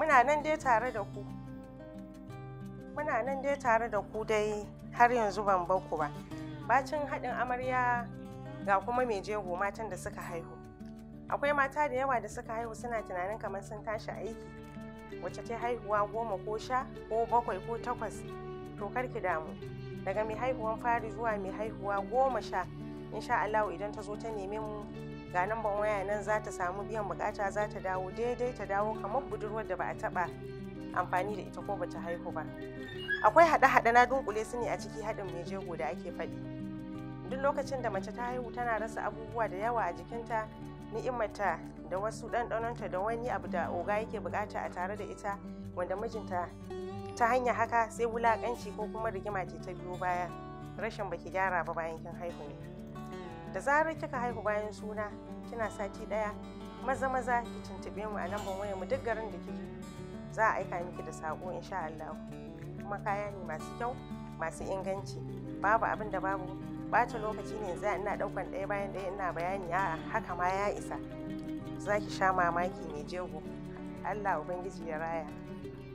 muna nan dai tare da ku muna nan dai tare da ku dai har yanzu ban bar ku ba bacin haɗin amarya ga kuma mai jego matan da suka haihu akwai mata da yawa da suka haihu suna tunanin kamar sun tashi aiki wacce ta haihuwa goma ko sha ko bakwai ko takwas to ki damu daga mai haihuwan fari zuwa mai haihuwa goma sha insha Allah idan ta zo ta neme mu ga namban waya nan za ta samu biyan bukata za ta dawo daidai ta dawo kamar budurwar da ba a taba amfani da ita ko bata haihu ba akwai haɗe-haɗe na dunkule su ne a ciki haɗin mai jego da ake faɗi duk lokacin da mace ta haihu tana rasa abubuwa da yawa a jikinta ni'imarta da wasu ɗanɗanonta da wani abu da oga yake bukata a tare da ita wanda mijinta ta hanya haka sai wulakanci ko kuma rigima ce ta biyo baya rashin baki gyara ba bayan kin haihu ne da zarar kika haihu bayan suna kina sati daya maza maza ki tuntube mu a lambar wayar mu duk garin da kike za a aika miki da sako insha Allah kuma kaya ne masu kyau masu inganci babu abin da babu bata lokaci ne za ina daukan ɗaya bayan ɗaya ina bayani a haka ma ya isa zaki sha mamaki mai jego Allah ubangiji ya raya